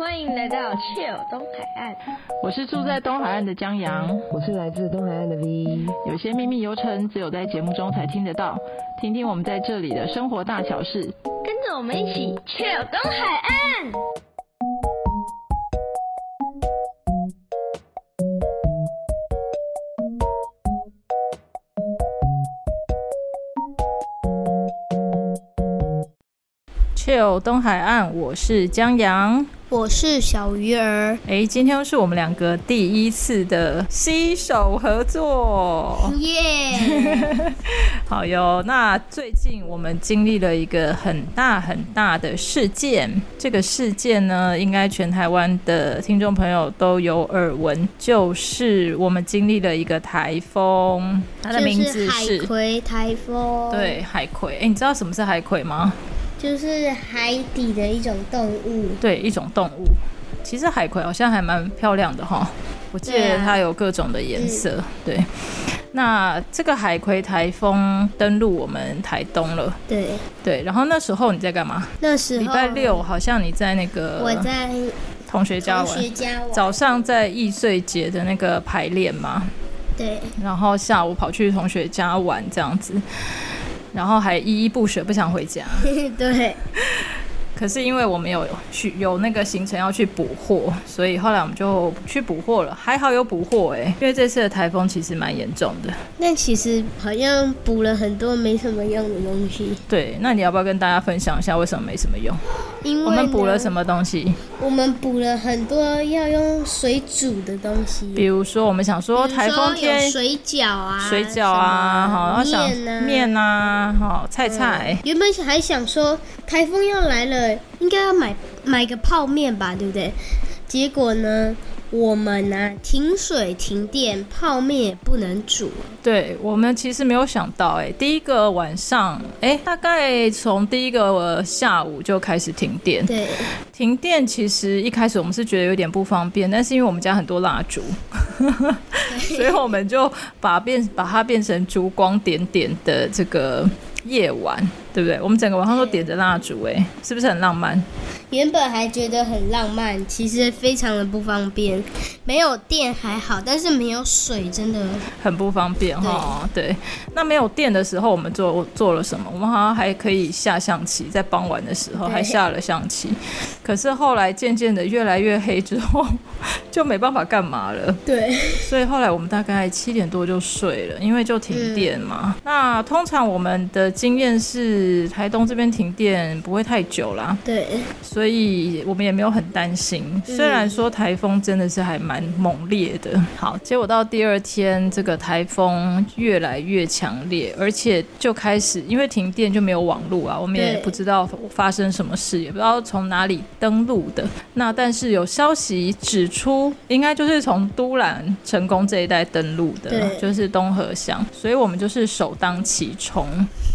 歡迎來到 Chill 東海岸，我是住在東海岸的江陽，我是來自東海岸的 V。有些秘密遊程只有在節目中才聽得到，聽聽我們在這裡的生活大小事，跟着我們一起 Chill 東海岸。Chill 東海岸，我是江陽。我是小魚兒。哎、欸，今天是我們兩個第一次的攜手合作。耶、yeah! 好喲。那最近我們經歷了一個很大很大的事件。這個事件呢，應該全台灣的聽眾朋友都有耳聞，就是我們經歷了一個颱風。它的名字是、就是、海葵颱風。對，海葵。哎、欸，你知道什麼是海葵嗎？就是海底的一種動物，對，一種動物。其實海葵好像還蠻漂亮的哈，我記得，啊，它有各種的顏色。對，那這個海葵颱風登陸我們台東了。對，對，然後那時候你在幹嘛？那時禮拜六，好像你在那個我在同學家玩，家玩早上在藝穗節的那個排練嘛。對，然後下午跑去同學家玩這樣子。然後還依依不捨，不想回家。 對。可是因為我們有去有那個行程要去補貨，所以後來我們就去補貨了。還好有補貨哎，因為這次的颱風其實蠻嚴重的。那其實好像補了很多沒什麼用的東西。對，那你要不要跟大家分享一下為什麼沒什麼用？因為我們補了什麼東西？我們補了很多要用水煮的東西，比如說我們想說颱風天水餃啊，水餃啊，啊，好，然後想麵啊，麵啊，好，菜菜。原本還想說颱風要來了。應該要買買個泡麵吧，對不對？結果呢，我們呢、啊，停水、停電，泡麵也不能煮。對，我們其實沒有想到、欸，哎，第一個晚上，哎、欸，大概從第一個下午就開始停電。對，停電其實一開始我們是覺得有點不方便，但是因為我們家很多蠟燭， 所以我們就把變把它變成燭光點點的這個夜晚。對不對？我們整個晚上都點着蠟燭，哎，是不是很浪漫？原本還覺得很浪漫，其實非常的不方便。沒有電還好，但是沒有水，真的很不方便哈，哦。對，那沒有電的時候，我們做做了什麼？我們好像還可以下象棋，在傍晚的時候還下了象棋。可是後來漸漸的越來越黑之後，就沒辦法幹嘛了。對，所以後來我們大概七點多就睡了，因為就停電嘛。嗯。那通常我們的經驗是。是台東這邊停電不會太久啦，對，所以我們也沒有很擔心，嗯。雖然說颱風真的是還蠻猛烈的，好，結果到第二天，這個颱風越來越強烈，而且就開始因為停電就沒有網路啊，我們也不知道發生什麼事，也不知道從哪裡登陸的。那但是有消息指出，應該就是從都蘭、成功這一帶登陸的，就是東河鄉，所以我們就是首當其衝。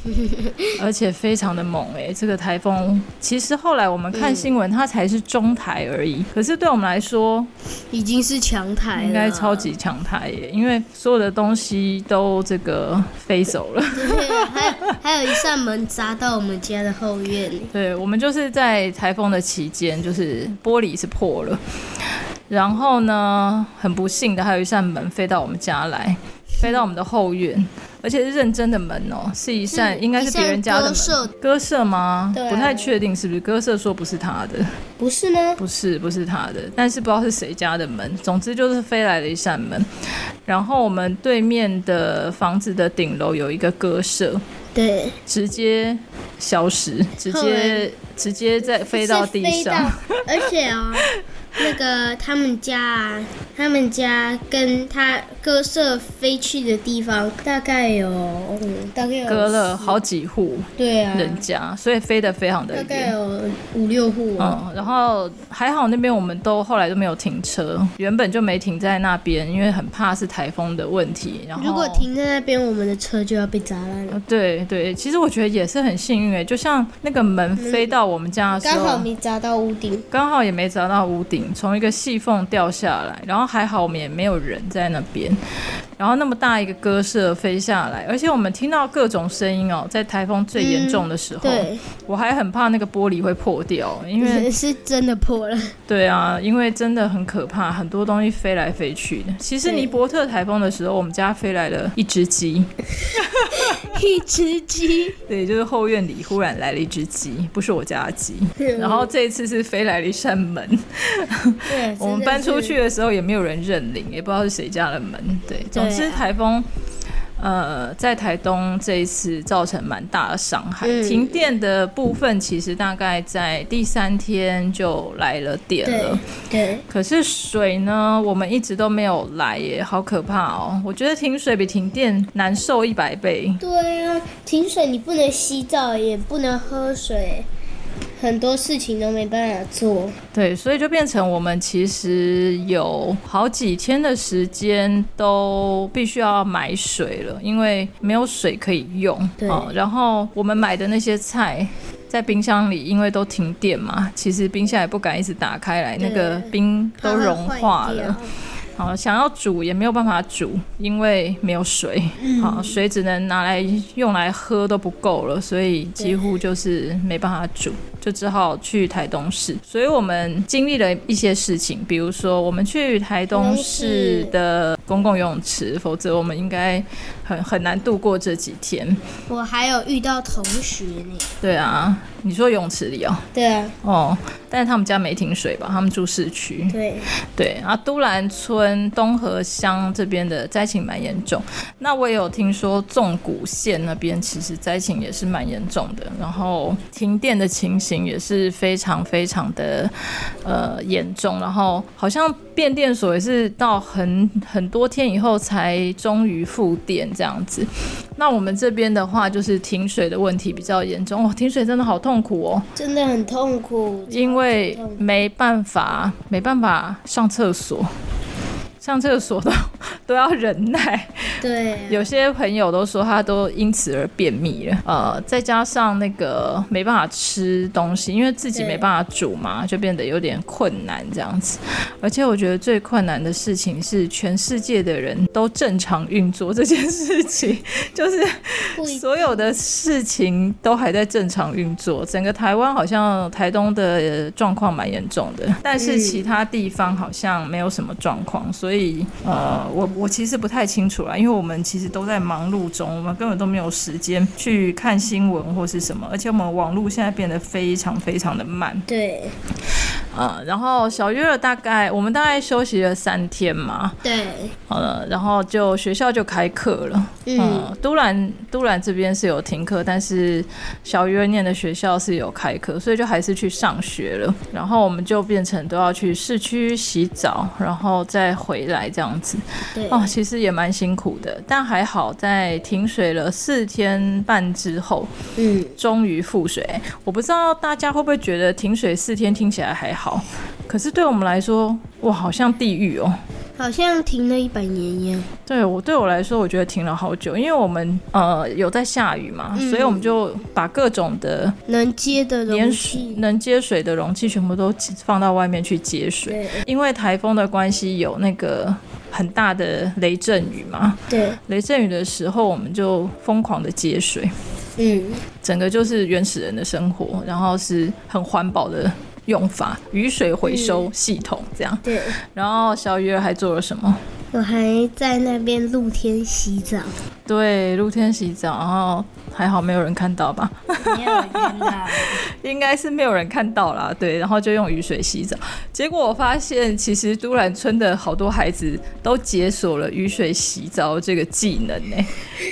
而且非常的猛哎，欸，這個台風，嗯、其實後來我們看新聞，它才是中台而已，嗯。可是對我們來說，已經是強台，應該超級強台耶，欸，因為所有的東西都這個飛走了。 對，還有還有一扇門砸到我們家的後院裡。 對，我們就是在台風的期間，就是玻璃是破了， 然後呢，很不幸的還有一扇門飛到我們家來，飛到我們的後院。 而且是認真的門哦、喔，是一扇，嗯、應該是別人家的門，鴿舍嗎對？不太確定是不是鴿舍，鴿舍說不是他的，不是嗎？不是，不是他的，但是不知道是誰家的門。總之就是飛來了一扇門，然後我們對面的房子的頂樓有一個鴿舍，對，直接消失，直接直接在飛到地上，而且啊。 那個他們家、啊，他們家跟他鴿舍飛去的地方大、嗯，大概有大概有，隔了好幾戶對啊人家，所以飛得非常的遠，大概有五六戶、哦、嗯，然後還好那邊我們都後來都沒有停車，原本就沒停在那邊，因為很怕是颱風的問題。然後如果停在那邊，我們的車就要被砸爛了、嗯。對對，其實我覺得也是很幸運誒，就像那個門飛到我們家的時候、嗯，剛好沒砸到屋頂，剛好也沒砸到屋頂。從一個細縫掉下來，然後還好我們也沒有人在那邊。然後那麼大一個鴿舍飛下來，而且我們聽到各種聲音哦，在台風最嚴重的時候，嗯、對，我還很怕那個玻璃會破掉，因為是真的破了。對啊，因為真的很可怕，很多東西飛來飛去的。其實尼伯特台風的時候，我們家飛來了一隻雞， 一隻雞。對，就是後院裡忽然來了一隻雞，不是我家的雞。然後這一次是飛來了一扇門。對， 我們搬出去的時候也沒有人認領，也不知道是誰家的門。對。其實颱風，呃，在台東這一次造成蠻大的傷害，嗯。停電的部分，其實大概在第三天就來了電了。對。對，可是水呢，我們一直都沒有來耶，好可怕哦，喔。我覺得停水比停電難受一百倍。對啊，停水你不能洗澡，也不能喝水。很多事情都沒辦法做，對，所以就變成我們其實有好幾天的時間都必須要買水了，因為沒有水可以用。對。哦，然後我們買的那些菜在冰箱裡，因為都停電嘛，其實冰箱也不敢一直打開來，那個冰都融化了。好，好，哦，想要煮也沒有辦法煮，因為沒有水。好，嗯，哦，水只能拿來用來喝都不夠了，所以幾乎就是沒辦法煮。就只好去台東市，所以我們經歷了一些事情，比如說我們去台東市的公共游泳池，否則我們應該很很難度過這幾天。我還有遇到同學呢。對啊，你說泳池裡哦、喔。對啊。哦，但是他們家沒停水吧？他們住市區。對對啊，都蘭村、東河鄉這邊的災情蠻嚴重，那我也有聽說縱谷線那邊其實災情也是蠻嚴重的，然後停電的情形也是非常非常的呃嚴重，然後好像變電所也是到很很多天以後才終於復電這樣子。那我們這邊的話，就是停水的問題比較嚴重哦，停水真的好痛苦哦、喔，真的很痛苦，痛苦，因為沒辦法沒辦法上廁所，上廁所都都要忍耐。對啊，有些朋友都說他都因此而便秘了，呃，再加上那個沒辦法吃東西，因為自己沒辦法煮嘛，就變得有點困難這樣子。而且我覺得最困難的事情是全世界的人都正常運作這件事情，就是所有的事情都還在正常運作。整個台灣好像台東的狀況蠻嚴重的，但是其他地方好像沒有什麼狀況，所以呃，我我其實不太清楚了，因為。因為我們其實都在忙碌中，我們根本都沒有時間去看新聞或是什麼，而且我們網路現在變得非常非常的慢。對，啊、然後小魚兒大概我們大概休息了三天嘛。對，好了，然後就學校就開課了。嗯，都蘭都蘭這邊是有停課，但是小魚兒念的學校是有開課，所以就還是去上學了。然後我們就變成都要去市區洗澡，然後再回來這樣子。對、哦，其實也蠻辛苦的，但還好在停水了四天半之後，嗯，終於復水、欸。我不知道大家會不會覺得停水四天聽起來還好，可是對我們來說，哇，好像地獄哦、喔。好像停了一百年耶。對我對我來說，我覺得停了好久，因為我們呃有在下雨嘛、嗯，所以我們就把各種的能接的容器連、能接水的容器全部都放到外面去接水。因為台風的關係，有那個很大的雷陣雨嘛。對。雷陣雨的時候，我們就瘋狂的接水。嗯。整個就是原始人的生活，然後是很環保的。用法，雨水回收系統這樣。嗯。對，然後小魚兒還做了什麼？我還在那邊露天洗澡。對，露天洗澡，然後。還好沒有人看到吧？ 應該是沒有人看到啦。對，然後就用雨水洗澡。結果我發現，其實都蘭村的好多孩子都解鎖了雨水洗澡這個技能呢、欸。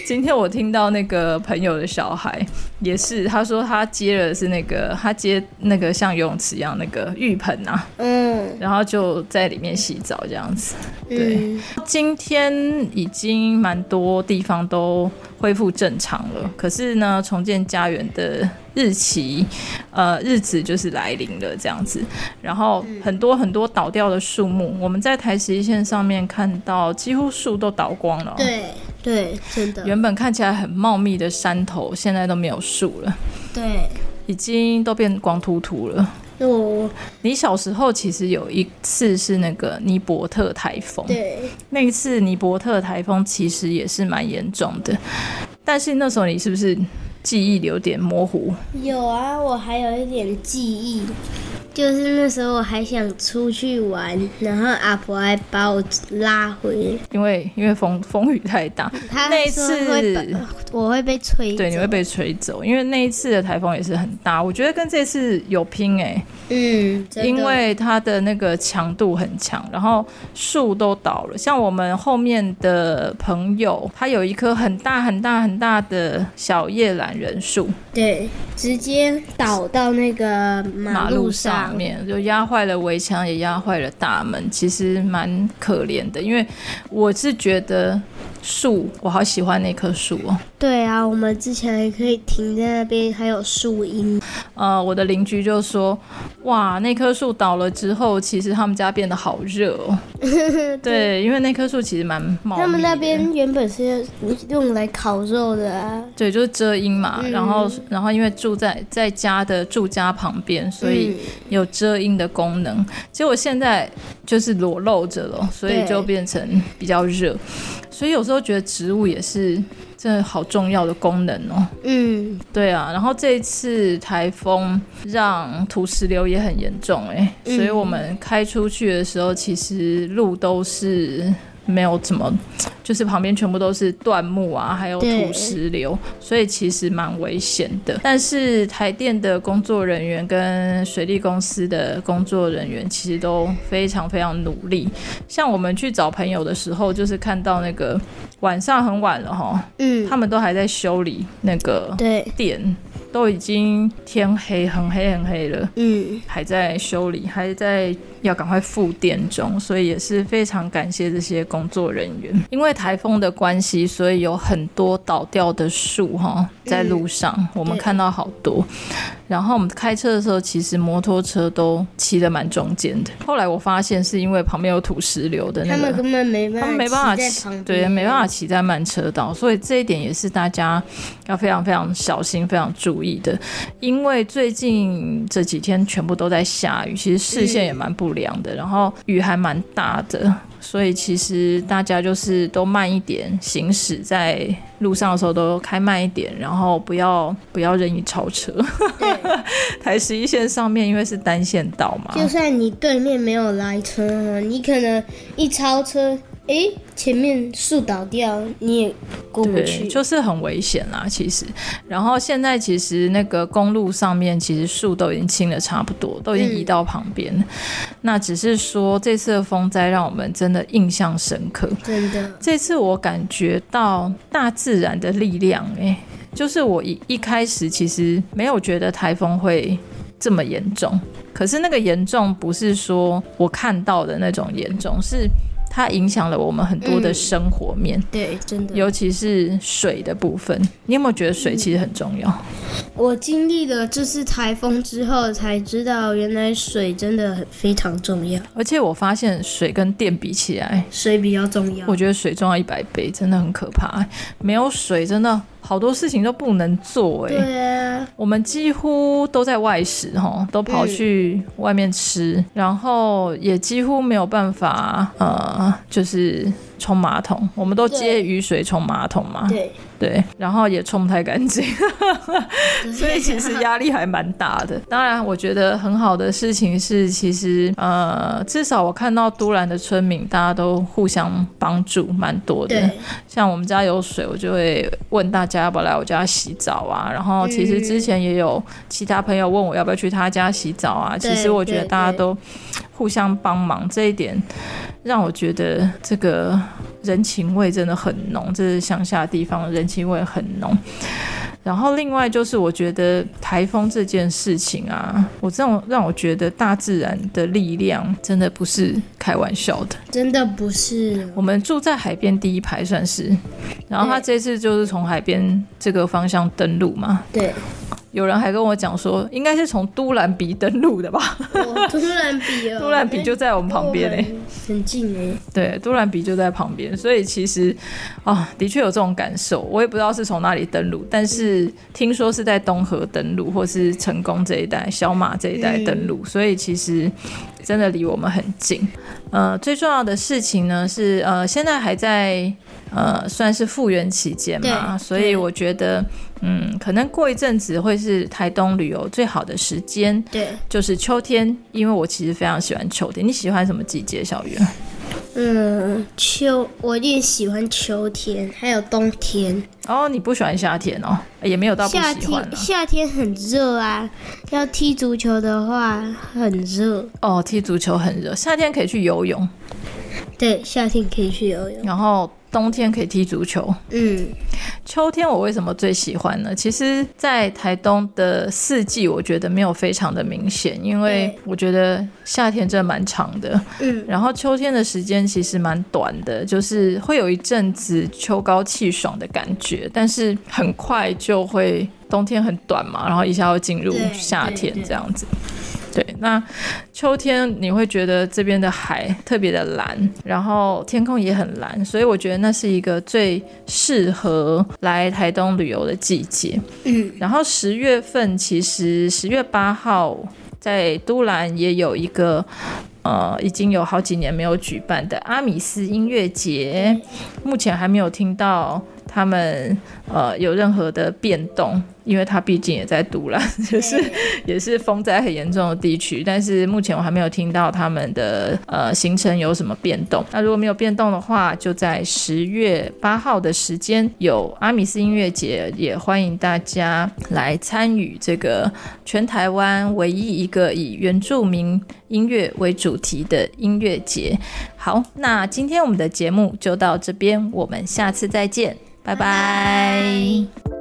今天我聽到那個朋友的小孩也是，他說他接了是那個，他接那個像游泳池一樣那個浴盆啊。嗯。然後就在裡面洗澡這樣子。對、嗯，今天已經蠻多地方都恢復正常了。可是呢，重建家園的日期，呃，日子就是來臨了這樣子。然後很多很多倒掉的樹木，我們在台十一線上面看到，幾乎樹都倒光了、哦。對對，真的。原本看起來很茂密的山頭，現在都沒有樹了。對，已經都變光禿禿了。我，你小時候其實有一次是那個尼伯特颱風，對，那一次尼伯特颱風其實也是蠻嚴重的，但是那時候你是不是記憶有點模糊？有啊，我還有一點記憶。就是那時候我還想出去玩，然後阿婆還把我拉回，因為因為風風雨太大，嗯、他那一次他他會我會被吹，對，你會被吹走，因為那一次的台風也是很大，我覺得跟這次有拼哎、欸，嗯，因為它的那個強度很強，然後樹都倒了，像我們後面的朋友，他有一棵很大很大很大的小葉欖仁樹，對，直接倒到那個馬路上。就壓壞了圍牆，也壓壞了大門，其實蠻可憐的，因為我是覺得。樹，我好喜歡那棵樹哦。對啊，我們之前還可以停在那邊，還有樹蔭。呃，我的鄰居就說，哇，那棵樹倒了之後，其實他們家變得好熱哦。 對，因為那棵樹其實蠻茂密，他們那邊原本是用來烤肉的啊。對，就是遮陰嘛，嗯。然後，然後因為住在在家的住家旁邊，所以有遮陰的功能。嗯，結果我現在。就是裸露着了，所以就變成比較熱，所以有時候覺得植物也是真的好重要的功能哦、喔。嗯，對啊。然後這一次台風讓土石流也很嚴重誒、欸嗯，所以我們開出去的時候，其實路都是。沒有怎麼，就是旁邊全部都是斷木啊，還有土石流，所以其實蠻危險的。但是台電的工作人員跟水利公司的工作人員其實都非常非常努力。像我們去找朋友的時候，就是看到那個晚上很晚了哈，嗯，他們都還在修理那個電。對都已經天黑，很黑很黑了，嗯，還在修理，還在要趕快復電中，所以也是非常感謝這些工作人員。因為颱風的關係，所以有很多倒掉的樹哈，在路上、嗯、我們看到好多。然後我們開車的時候，其實摩托車都騎得蠻中間的。後來我發現是因為旁邊有土石流的那個，他們根本沒，他們沒辦法騎，對，沒辦法騎在慢車道，所以這一點也是大家要非常非常小心、非常注意的。因為最近這幾天全部都在下雨，其實視線也蠻不良的，嗯，然後雨還蠻大的。所以其實大家就是都慢一點行駛，在路上的時候都開慢一點，然後不要不要任意超車。 對，台十一線上面因為是單線道嘛，就算你對面沒有來車，你可能一超車。哎、欸，前面樹倒掉你也過不去，就是很危險啦。其實，然後現在其實那個公路上面其實樹都已經清得差不多，都已經移到旁邊了，嗯。那只是說這次的風災讓我們真的印象深刻。真的，這次我感覺到大自然的力量，欸。哎，就是我一一開始其實沒有覺得台風會這麼嚴重，可是那個嚴重不是說我看到的那種嚴重，是。它影響了我們很多的生活面，嗯，對，真的，尤其是水的部分。你有沒有覺得水其實很重要？嗯，我經歷了這次颱風之後，才知道原來水真的很非常重要。而且我發現水跟電比起來，水比較重要。我覺得水重要一百倍，真的很可怕。沒有水，真的。好多事情都不能做哎，欸啊，我們幾乎都在外食哦，都跑去外面吃，然後也幾乎沒有辦法呃，就是。沖馬桶，我們都接雨水沖馬桶嘛？對對，然後也沖不太乾淨， 所以其實壓力還蠻大的。當然，我覺得很好的事情是，其實呃，至少我看到都蘭的村民，大家都互相幫助，蠻多的。對，像我們家有水，我就會問大家要不要來我家洗澡啊。然後，其實之前也有其他朋友問我要不要去他家洗澡啊。其實我覺得大家都互相幫忙，對對對，這一點。讓我覺得這個人情味真的很濃，這是鄉下的地方，人情味很濃。然後另外就是，我覺得台風這件事情啊，我這種讓我覺得大自然的力量真的不是開玩笑的，真的不是。我們住在海邊第一排算是，然後他這次就是從海邊這個方向登陸嘛，對。對。有人還跟我講說，應該是從都蘭比登陸的吧？都蘭比，都蘭比， 都蘭比就在我們旁邊呢、欸欸，很近哎、欸。對，都蘭比就在旁邊，所以其實啊、哦，的確有這種感受。我也不知道是從哪裡登陸，但是聽說是在東河登陸，或是成功這一帶、小馬這一帶登陸、嗯，所以其實真的離我們很近。呃，最重要的事情呢是，呃，現在還在呃，算是復原期間嘛，所以我覺得。嗯，可能過一陣子會是台東旅遊最好的時間，對，就是秋天，因為我其實非常喜歡秋天。你喜歡什麼季節，小魚兒？嗯，秋，我也喜歡秋天，還有冬天。哦，你不喜歡夏天哦？欸、也沒有到不喜歡。夏天，夏天很熱啊，要踢足球的話很熱。哦，踢足球很熱，夏天可以去游泳。對，夏天可以去游泳。然後。冬天可以踢足球。嗯，秋天我為什麼最喜歡呢？其實，在台東的四季，我覺得沒有非常的明顯，因為我覺得夏天真的蠻長的。嗯，然後秋天的時間其實蠻短的，就是會有一陣子秋高氣爽的感覺，但是很快就會冬天很短嘛，然後一下又進入夏天這樣子。對對對。對，那秋天你會覺得這邊的海特別的藍，然後天空也很藍，所以我覺得那是一個最適合來台東旅遊的季節。嗯，然後十月份，其實十月八號在都蘭也有一個，呃，已經有好幾年沒有舉辦的阿米斯音樂節，目前還沒有聽到。他們呃有任何的變動，因為他畢竟也在都蘭，也、就是也是風災很嚴重的地區，但是目前我還沒有聽到他們的呃行程有什麼變動。那如果沒有變動的話，就在十月八號的時間有阿米斯音樂節，也歡迎大家來參與這個全台灣唯一一個以原住民音樂為主題的音樂節。好，那今天我們的節目就到這邊，我們下次再見。拜拜。